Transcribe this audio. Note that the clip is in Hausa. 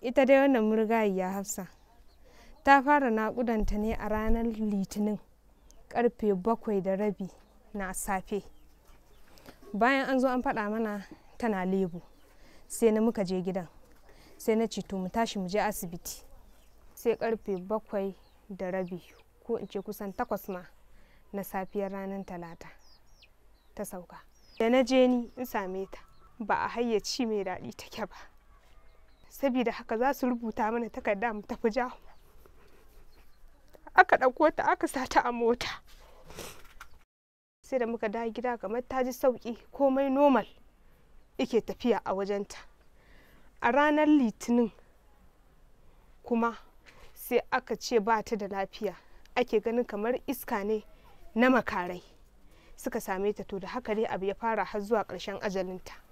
ita dai wannan murgayiya hafsa ta fara nakudanta ne a ranar litinin karfe bakwai da rabi na safe bayan an zo an faɗa mana tana lebu sai na muka je gidan sai na ce to mu tashi mu je asibiti sai karfe bakwai da rabi ko in ce kusan takwas ma na safiyar ranar talata ta sauka da na je ni in same ta ba a hayyaci mai daɗi take ba saboda haka za su rubuta mana takarda mu tafi jahu aka ɗauko ta aka sata a mota sai da muka dawo gida kamar ta ji sauƙi komai normal yake tafiya a wajenta a ranar litinin kuma sai aka ce ba ta da lafiya ake ganin kamar iska ne na makarai suka same ta to da haka dai abu ya fara har zuwa ƙarshen ajalinta